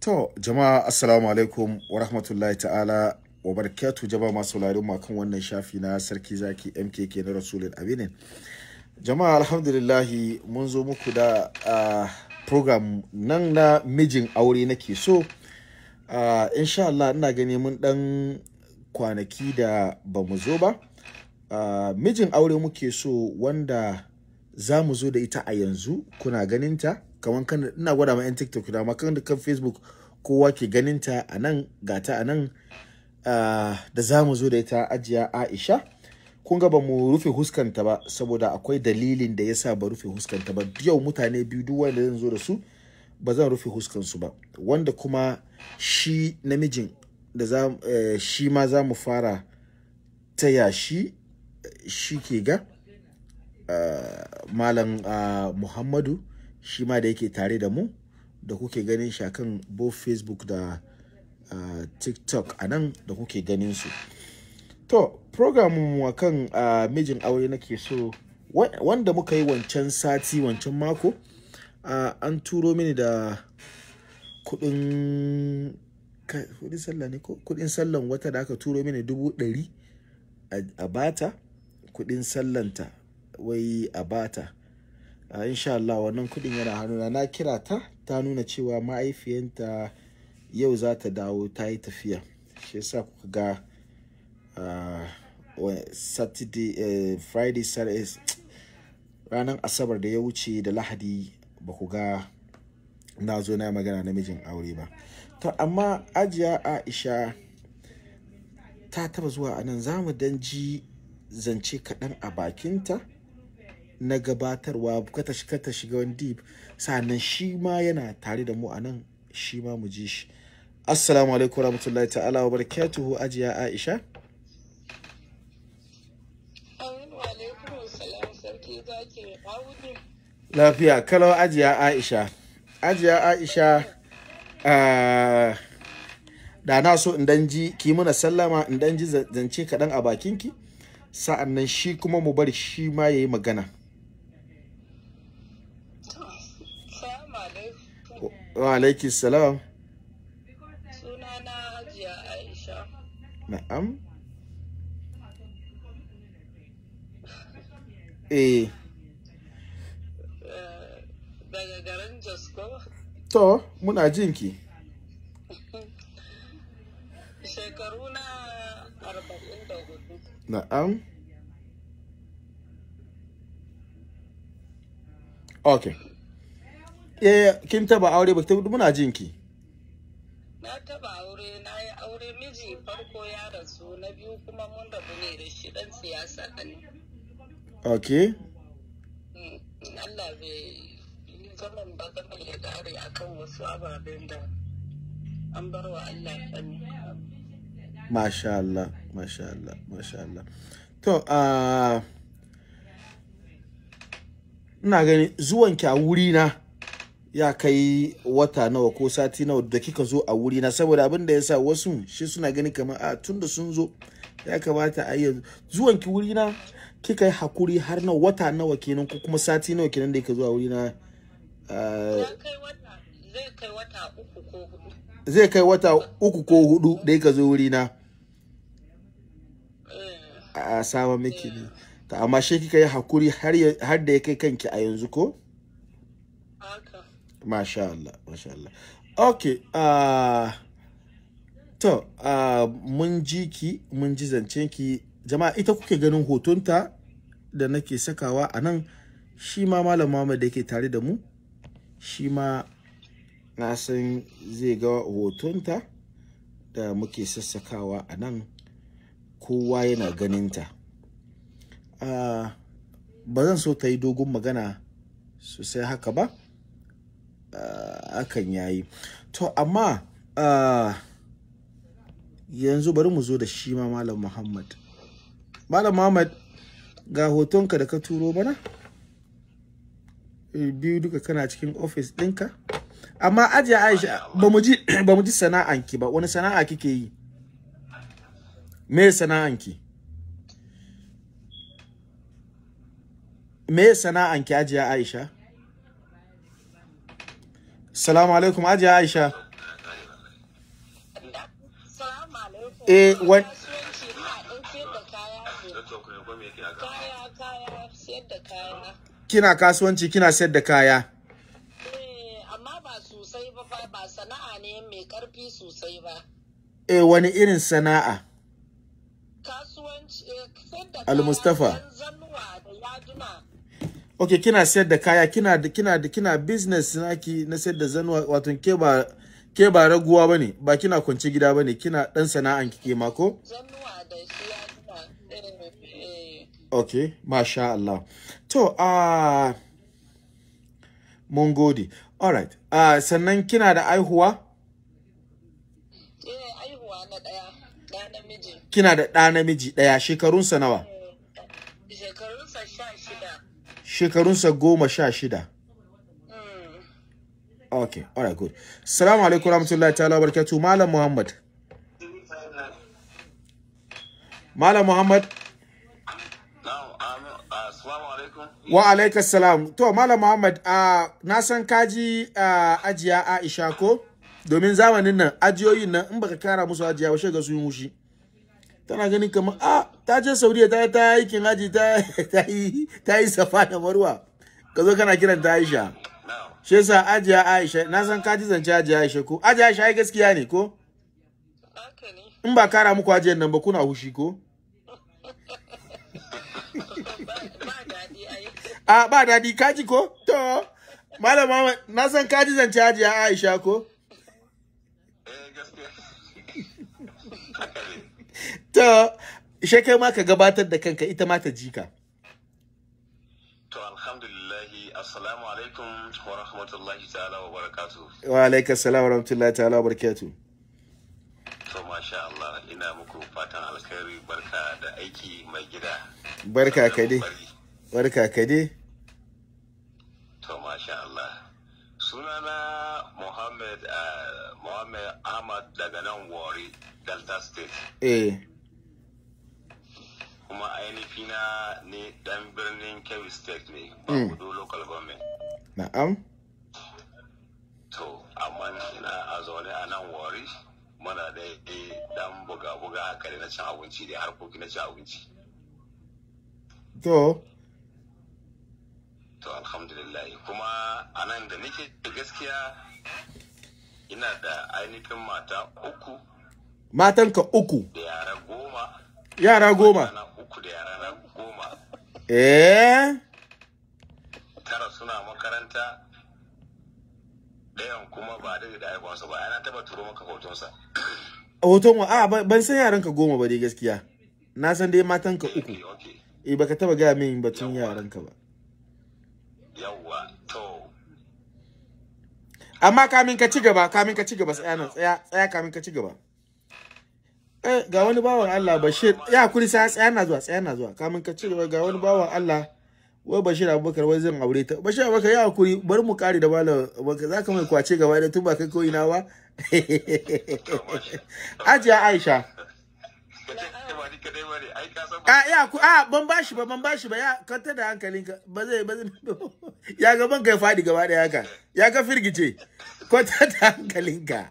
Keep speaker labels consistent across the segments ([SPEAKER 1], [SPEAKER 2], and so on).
[SPEAKER 1] To jama'a assalamu alaikum wa rahmatullahi ta'ala wa barakatu jama'a masu sauraron makon wannan shafi na sarki zaki MKK na rasulun abinin. Jama'a alhamdulillahi mun zo muku da uh, program nan na mijin aure nake so. Uh, insha Allah ina gani mun dan kwanaki da ba mu zo ba. Uh, mijin aure muke so wanda za mu zo da ita a yanzu kuna ganinta. kamar kan ina gwada ma yan tiktok da ma kan kan facebook kowa ke ganin ta a nan gata ah, a nan da za mu zo da ita ajiya aisha kun ga ba mu rufe huskanta ba saboda akwai dalilin da yasa ba rufe huskanta ba yau mutane biyu duk wanda zan zo da su ba zan rufe huskansu ba wanda kuma shi namijin da eh, shi ma za mu fara taya shi shi ke ga ah, malam ah, muhammadu shi ma da yake tare da mu da kuke ganin shi akan bo facebook da uh, tiktok a nan da kuke ganin su to programmu a kan uh, mijin aure nake so wanda muka yi wancan sati wancan mako uh, an turo mini da kudin sallan wata da aka turo mini dubu ɗari a bata kudin sallanta wai a bata a insha Allah wannan kudin yana hannuna na kira ta ta nuna cewa ma'aifiyanta yau za ta dawo ta yi tafiya shi yasa kuka ga eh, Friday, saturday uh, ranar asabar da ya wuce da lahadi ba ku ga na zo na magana namijin aure ba to amma ajiya aisha ta taba zuwa anan zamu dan ji zance kaɗan a bakinta na gabatarwa kata shiga wani deep sannan shi ma yana tare da mu a nan shi ma mu ji shi assalamu alaikum rahmatullahi ta'ala wa barakatuhu ajiya aisha lafiya kalau ajiya aisha ajiya aisha da na so in dan ji ki muna sallama in dan ji zance kaɗan a bakinki sa'annan shi kuma mu bari shi ma yayi magana Wa alaiki salam.
[SPEAKER 2] Sunana Hajiya Aisha.
[SPEAKER 1] Na'am. Eh. eh
[SPEAKER 2] daga garin Jos
[SPEAKER 1] To, muna jinki.
[SPEAKER 2] Shekaru na 44
[SPEAKER 1] Na'am. Okay. eh kin taba aure ba muna jin ki na taba aure na yi
[SPEAKER 2] aure miji farko ya rasu na biyu kuma mun da ne da shi dan siyasa ne okay hmm, Allah bai zaman ba zama ya kare akan wasu
[SPEAKER 1] ababen da an bar wa Allah sani Masha Allah, Masha Allah, Masha Allah. To, ah, ina uh, gani zuwanki a wuri na ya kai wata nawa ko sati nawa da kika zo a wuri na saboda abin da ya sa wasu shi suna gani kamar a ah, tun da sun zo ya kamata a yanzu zuwan ki wuri na kika yi hakuri har na wata nawa kenan ko kuma sati nawa kenan da kika zo a wuri na ah, zai kai wata uku ko hudu da kika zo wuri na eh. a sama miki ne eh. ta amma shi kika yi hakuri har da ya kai kanki a yanzu ko? Masha Allah, Masha Allah. Ok, ah, to, ah, mun ji ki, mun ji zancen ki, jama'a ita kuke ganin hotonta da nake sakawa a nan shi ma Malam Muhammad da yake tare da mu, shi ma na san zai ga hotonta da muke sassakawa a nan kowa yana ganinta. Ah, ba zan so ta yi dogon magana sosai haka ba. Eh, akan yayi to amma eh, yanzu bari mu zo da shi ma malam muhammad malam muhammad ga hotonka da ka turo bana eh, biyu duka kana cikin ofis ɗinka amma ajiye aisha ba mu ji sana'anki ba wani sana'a kike yi me sana'anki me sana'anki ajiya aisha Salamu alaikum Aji Aisha. Eh, kina kasuwanci kina sayar da kaya. Eh ba ba sana'a ne mai karfi sosai ba. Eh, wani irin sana'a? Kasuwanci eh, sayar da kaya. al okay kina sayar da kaya kina da kina da kina business naki na sayar da zanuwa wato ke ba ke ba raguwa bane ba kina kwance gida bane kina dan sana'an kike ma ko eh, eh. okay masha Allah to ah mun gode all right uh, sannan kina da aihuwa eh, aihuwa na daya da namiji kina da da namiji daya shekarun sa nawa eh shekarunsa goma sha shida Ok, all right good salamu alaikum rahmatullahi ta'ala barkatu malam muhammad malam muhammad wa alaikas salam to malam muhammad na san kaji ajiya aisha ko domin zamanin nan ajiyoyin nan in baka kara musu ajiya ba shiga su yi mushi tana ganin kamar a ah, ta je saudiya ta ta aikin haji ta ta yi safa da marwa ka zo kana kiran ta aisha shi yasa ajiya aisha na san ka ji zance ajiya aisha ko ajiya aisha ai gaskiya ne ko in ba kara muku ajiyar nan ba kuna hushi ko a ba dadi kaji ko to malama na san kaji zance ajiya aisha ko ta shekai ma ka gabatar da kanka ita ma ta jika to alhamdulillahi assalamu alaikum wa rahmatullahi ta'ala wa barakatuh wa alaikum assalam wa rahmatullahi ta'ala wa barakatuh
[SPEAKER 2] to masha Allah ina muku fatan alkhairi barka da aiki
[SPEAKER 1] mai gida barka ka dai barka ka dai
[SPEAKER 2] to masha Allah sunana Muhammad uh, eh, Muhammad Ahmad daga nan Wari Delta State eh mahaifina ne dan birnin Kebbi State ne, ba mm. kudu local government. Na'am. To, amma ina a zaune a nan wari mana da ya dan buga-buga a kare na cin abinci da harkoki na
[SPEAKER 1] cin abinci. To.
[SPEAKER 2] To, alhamdulillah. Kuma a nan da nake gaskiya
[SPEAKER 1] ina da ainihin mata uku. Matanka uku? Da yara goma. yara goma. Yara goma. da na goma. Eh? Tara suna makaranta
[SPEAKER 2] ɗayan kuma ba da da ba ana taba maka hotonsa.
[SPEAKER 1] Hoton wa? A ah, ban san yaran ka goma ba dai gaskiya. Na san dai matan ka eh, uku. Eh baka taba gaya min batun yaran ka ba. to amma ka ci gaba kamin ka ci gaba tsaya tsaya kamin ka ci gaba. Eh, ga wani bawan Allah Bashir ya kuri sai tsaya na zuwa tsaya na zuwa kamun ka ce ga wani bawan Allah wai Bashir Abubakar wai zan aure ta Bashir Abubakar ya kuri bari mu kare da malam Abubakar zaka mai kwace gaba da tun ba kai koyi na ba Ajiya Aisha a ya ku a ban bashi ba ban bashi ba ya kanta da hankalinka ba zai ba zai ya gaban ka ya fadi gaba da haka ya ka firgice kwata da hankalinka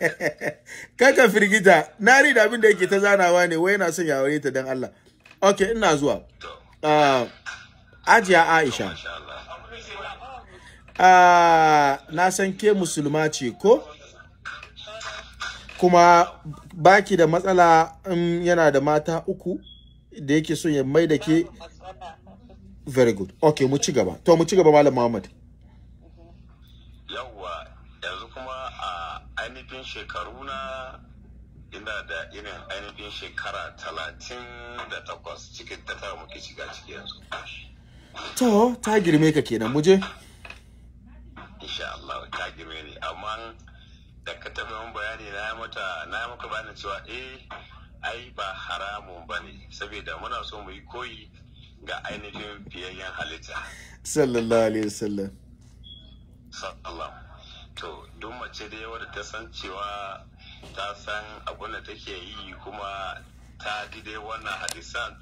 [SPEAKER 1] kaka firgita na ri da abin da yake ta zanawa ne wai yana son ya aure ta dan Allah okay ina zuwa ajiya Aisha na san ke musulma ce ko kuma baki da matsala in yana da mata uku da yake so ya mai da ke very good okay mu ci gaba to mu ci gaba malam muhammad yawwa yanzu kuma a ainihin
[SPEAKER 2] shekaru na ina da irin ainihin shekara talatin da takwas cikin ta muke shiga ciki yanzu
[SPEAKER 1] to ta girme ka kenan muje insha Allah ta girme ni amma da ka tafi min
[SPEAKER 2] bayani na mata na maka bayani cewa eh ai ba haramun ba ne saboda muna so mu yi koyi ga ainihin fiyayyen halitta
[SPEAKER 1] sallallahu alaihi wasallam sallallahu to duk mace da yawa da ta san
[SPEAKER 2] cewa ta san abin da take yi kuma ta ji dai wannan hadisan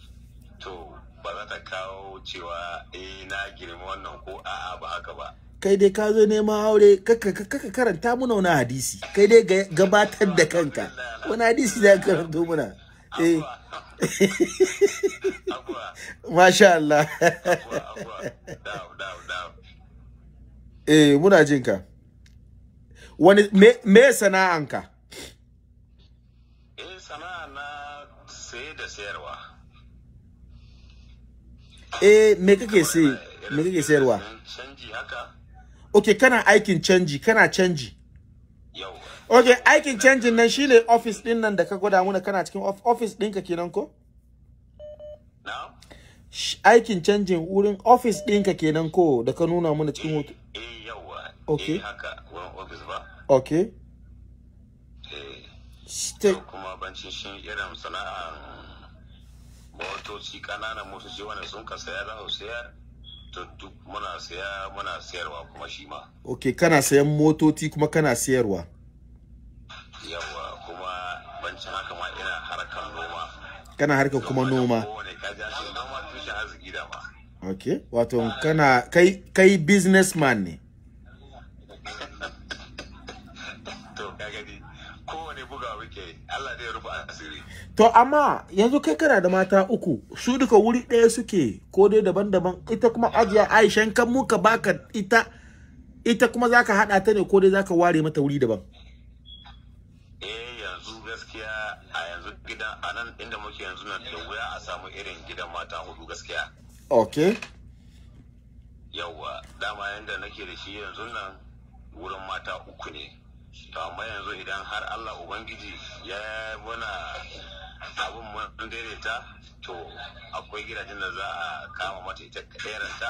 [SPEAKER 2] to ba za ta kawo cewa eh na girma wannan ko a'a ba
[SPEAKER 1] haka ba kai dai ka zo neman aure kaka karanta muna wani hadisi kai dai gabatar da kanka wani hadisi da karanto muna eh masha Allah eh muna jin ka wani me, sana'anka eh sana'a na sai da sayarwa eh me kake sai me kake sayarwa canji haka okay kana aikin canji kana canji okay aikin canjin nan shine office din nan da ka gwada muna kana cikin office ɗinka kenan ko aikin canjin wurin office ɗinka kenan ko da ka nuna muna cikin hoto eh, eh yawa okay eh, haka wurin office ba okay eh kuma bancin shin irin sana'a
[SPEAKER 2] motoci kanana motoci wani sun ka saya za sayar duk muna saya muna sayarwa kuma shi ma
[SPEAKER 1] ok kana sayan motoci kuma kana sayarwa
[SPEAKER 2] yawa kuma ban bancin haka ma ina harkar
[SPEAKER 1] noma kana harkar kuma noma ok wato kana kai kai businessman ne To amma yanzu kai kana da mata uku su duka wuri ɗaya suke ko dai daban-daban ita kuma ajiya Aishan kan muka baka ita ita kuma ka haɗa ta ne ko dai za ka ware mata wuri daban. Eh yanzu gaskiya
[SPEAKER 2] a yanzu gida a nan inda muke yanzu nan da wuya a samu irin gidan mata hudu gaskiya. Ok. Yawwa dama yanda nake da shi yanzu nan wurin mata uku ne. to amma yanzu idan har Allah Ubangiji ya muna abin mun daidaita to akwai gidajen da za a kama mata ita kaɗayaranta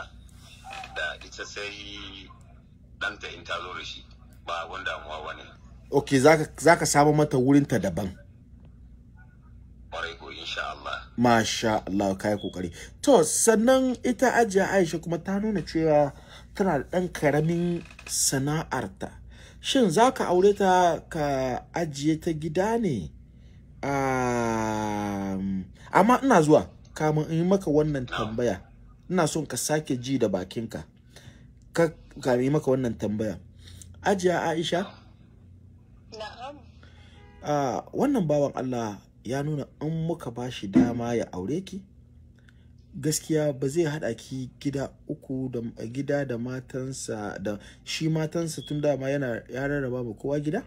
[SPEAKER 2] da ita sai ɗanta in ta zo da shi ba abin damuwa ba ne.
[SPEAKER 1] Ok, za ka samu mata wurinta daban. Ƙwarai Masha Allah, kai kokari. To, sannan ita ajiya Aisha kuma ta nuna cewa tana da ɗan karamin sana'arta. shin za ka aure ta ka ajiye ta gida ne um, amma ina zuwa kamun in yi maka wannan tambaya ina son ka sake ji da bakinka ka kamun yi maka wannan tambaya ajiya aisha ah, wannan bawan allah ya nuna in muka ba shi dama ya aure ki gaskiya ba zai haɗa ki gida uku da gida da matansa da shi matansa tun dama yana ya rarraba ba kowa gida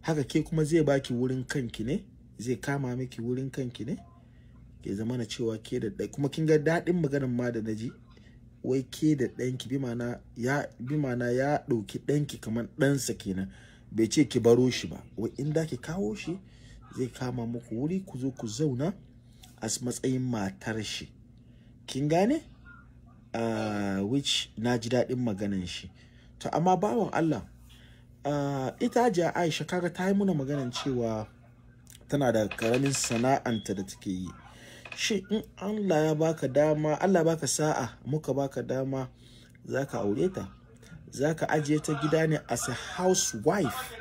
[SPEAKER 1] haka ke kuma zai baki wurin kanki ne zai kama miki wurin kanki ne ke zama na cewa ke da ɗai kuma kin ga daɗin maganar ma da naji wai ke da ɗanki bi mana ya bi mana ya ɗauki ɗanki kamar ɗansa kenan bai ce ki baro shi ba wai in da ki kawo shi zai kama muku wuri ku zo ku zauna a matsayin matar shi kin gane uh, which na ji daɗin maganan shi to amma bawan Allah uh, ita ja Aisha kaga ta yi muna maganan cewa tana da karamin sana'anta da take yi shi in Allah ya baka dama Allah baka sa'a muka baka dama za ka aure ta ka ajiye ta gida ne as a housewife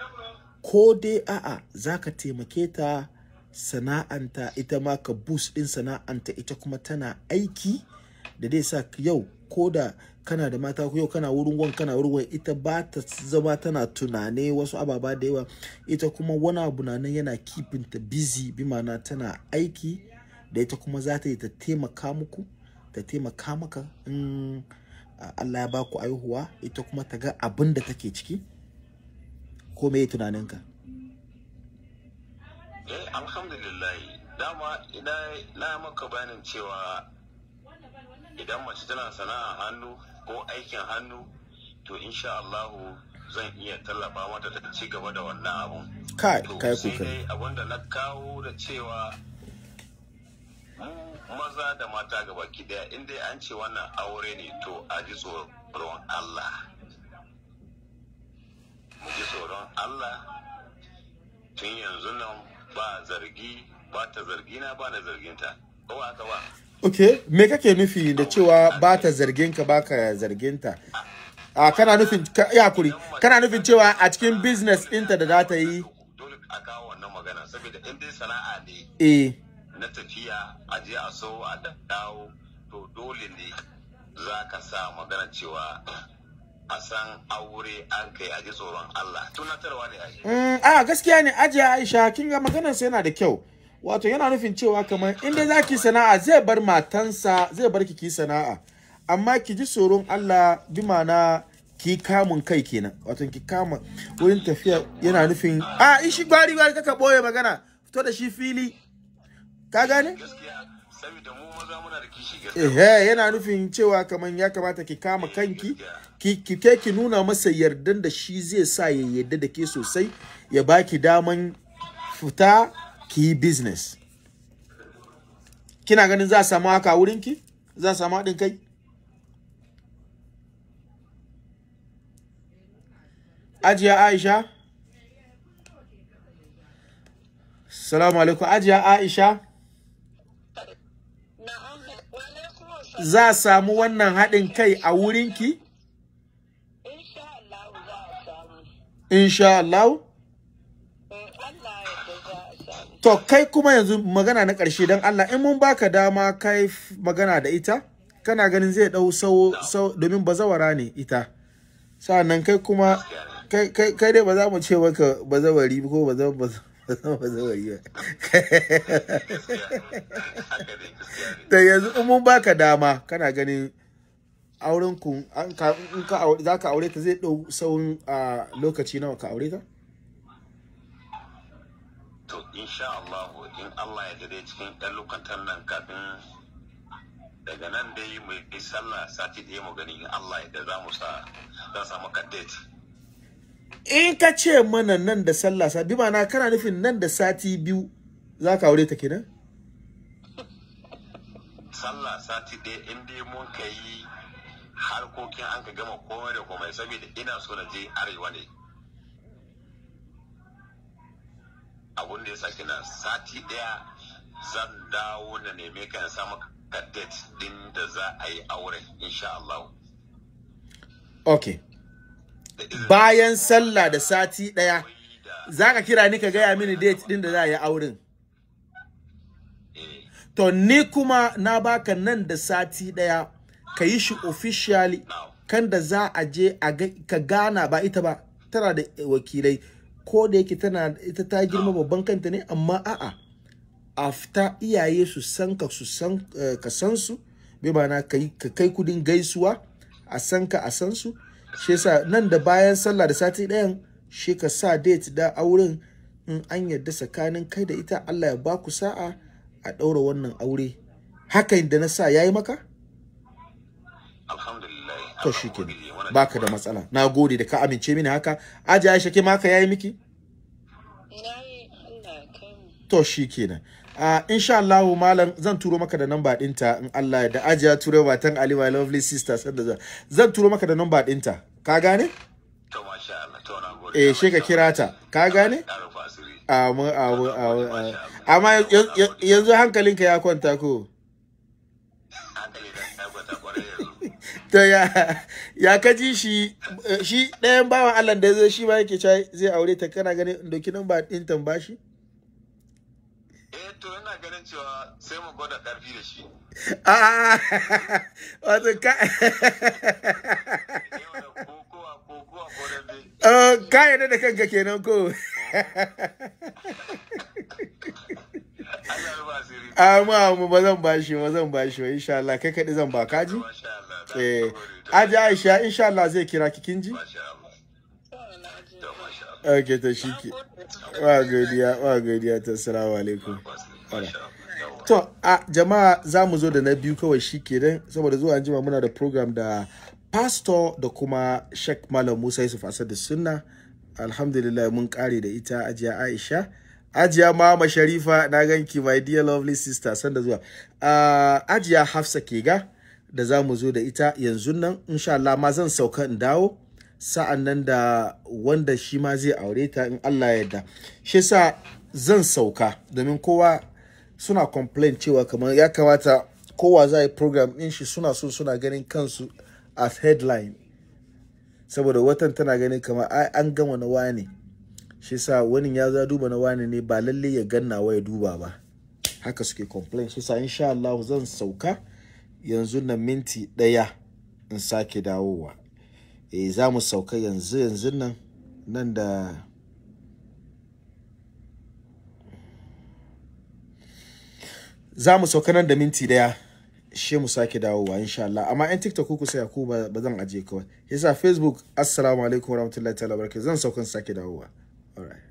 [SPEAKER 1] ko dai a'a za ka taimake ta sana'anta ita ma ka boost din sana'anta ita kuma tana aiki da dai sa yau koda kana da mata yau kana wurin wan kana wurin ita ba ta zama tana tunane wasu ababa da yawa ita kuma wani abu na nan yana kifin ta busy bi ma'ana tana aiki da ita kuma za ta yi ta taimaka muku ta taimaka maka in Allah ya baku aihuwa ita kuma ta ga abin da take ciki ko me tunaninka
[SPEAKER 2] alhamdulillahi dama na maka bayanin cewa idan mace tana sana'a hannu ko aikin hannu to insha Allahu zan iya tallafa mata ta ci gaba da wannan abun
[SPEAKER 1] kai kai kuka sai da na kawo da cewa
[SPEAKER 2] maza da mata gaba ki daya inda an ce wannan aure ne to a ji tsoron Allah mu ji tsoron Allah tun yanzu nan ba zargi
[SPEAKER 1] ba ta zargi na ba na zargin ta ba haka ba ok me kake nufi da cewa ba ta zargin ka ba ka zargin ta a kana nufin ya kuri kana nufin cewa a cikin business ɗinta da za ta yi dole a kawo wannan magana saboda in dai sana'a ne eh na tafiya a je a so a dawo to dole ne za ka
[SPEAKER 2] sa magana cewa a san aure an kai a ji tsoron Allah tunatarwa ne a mm,
[SPEAKER 1] a gaskiya ne ajiye Aisha kin ga maganar sa yana da kyau wato yana nufin cewa kamar inda za ki sana'a zai bar matansa zai bar ki sana'a amma ki ji tsoron Allah bi mana ki kamun kai kenan wato ki kama wurin tafiya yana nufin a ishi gwari gwari kaka boye magana fito da shi fili ka gane saboda mu maza muna da kishi eh yana nufin cewa kaman ya kamata ki kama eh, kanki ki ki ke ki nuna masa yardan da shi zai sa ya yarda da ke sosai ya baki daman fita ki yi business kina ganin za a samu haka wurin ki za a samu haɗin kai ajiya aisha salamu alaikum ajiya aisha za a samu wannan haɗin kai a wurinki? Insha Allah. To kai kuma yanzu magana na ƙarshe don Allah in mun baka dama kai magana da ita kana ganin zai ɗau sau sau domin bazawara ne ita. Sa'annan kai kuma kai dai ba za mu ce maka bazawari ko bazawari da yanzu in mun baka dama kana ganin auren ku za ka aure ta zai ɗau sauran lokaci nawa ka aure ta
[SPEAKER 2] to insha Allah in Allah ya dade cikin ɗan nan kafin daga nan dai mu yi sallah sati da mu gani in Allah ya da za mu sa za samu kadet
[SPEAKER 1] in ka ce mana nan da sallah sa bi mana kana nufin nan da sati biyu za ka aure ta kenan
[SPEAKER 2] sallah sati ɗaya in dai mun ka yi harkokin an ka gama komai da komai saboda ina so na je arewa ne abun da ya sa kina sati ɗaya zan dawo na neme ka in samu kadet din da za a yi aure insha Allah.
[SPEAKER 1] Okay. bayan sallah da sati ɗaya zaka kira ni ka gaya mini date ɗin da za a yi auren to ni kuma na baka nan da sati ɗaya ka yi shi officially kan da za a je ka gana ba ita ba tana da wakilai ko da yake tana ita ta girma babban kanta ne amma a'a afta iyaye su san ka su san eh, ka san su bai ba na kai kudin gaisuwa a san ka a san su shi yasa nan da bayan sallah da sati ɗayan shi ka sa date da auren in an yarda tsakanin kai da ita Allah ya ba ku sa'a a ɗaura wannan aure hakan da na sa ya yi maka to shi ke baka da matsala na gode da ka amince mini haka aji Aisha ke maka ya yi miki to shi kenan Uh, ah, insha Allah malam zan turo maka da namba dinta in Allah da ajiya turo batan Ali my lovely sister sanda zan turo maka da namba dinta ka gane to masha Allah to na gode eh shi ka kira ta ka gane Amu, amu, amu, amma yanzu hankalinka ya kwanta ko to ya ya kaji shi eh, shi ɗayan bawan Allah da zai shi ma yake zai aure ta kana ganin doki nan ba ɗin tambashi eh
[SPEAKER 2] to yana ganin cewa sai mu gwada karfi da shi
[SPEAKER 1] ah wato ka eh, Oh, ka yarda da kanka kenan ko amma ah, mu ba zan bashi ba zan shi ba insha Allah kai kaɗi zan ba kaji eh aji Aisha insha Allah zai kira ki kinji ok ta shi ke wa godiya wa godiya ta salamu alaikum to a jama'a za mu zo da na biyu kawai shi ke kenan saboda zuwa an jima muna da program da pastor da kuma shek malam musa yusuf asadu sunna alhamdulillah mun kare da ita ajiya aisha ajiya mama sharifa na ganki my dear lovely sister san da zuwa uh, ajiya hafsa ke ga da za mu zo da ita yanzu nan insha Allah ma zan sauka in dawo sa'an nan da wanda shi ma zai aure ta in Allah ya yarda shi sa zan sauka domin kowa suna complain cewa kamar ya kamata kowa za yi program in shi suna so suna ganin kansu as headline saboda watan tana ganin kamar an gama na wani shi sa wani ya za duba na wani ne ba lalle ya ganna ya duba ba haka suke complain shi sa insha Allah zan sauka yanzu na minti daya in sake dawowa e za mu sauka yanzu yanzu nan nan da za mu sauka nan da minti daya shi mu sake dawowa insha Allah amma yan TikTok kuku sai ku ba zan aje kawai yasa Facebook assalamu alaikum warahmatullahi ta'ala barakatuh zan saukan sake dawowa alright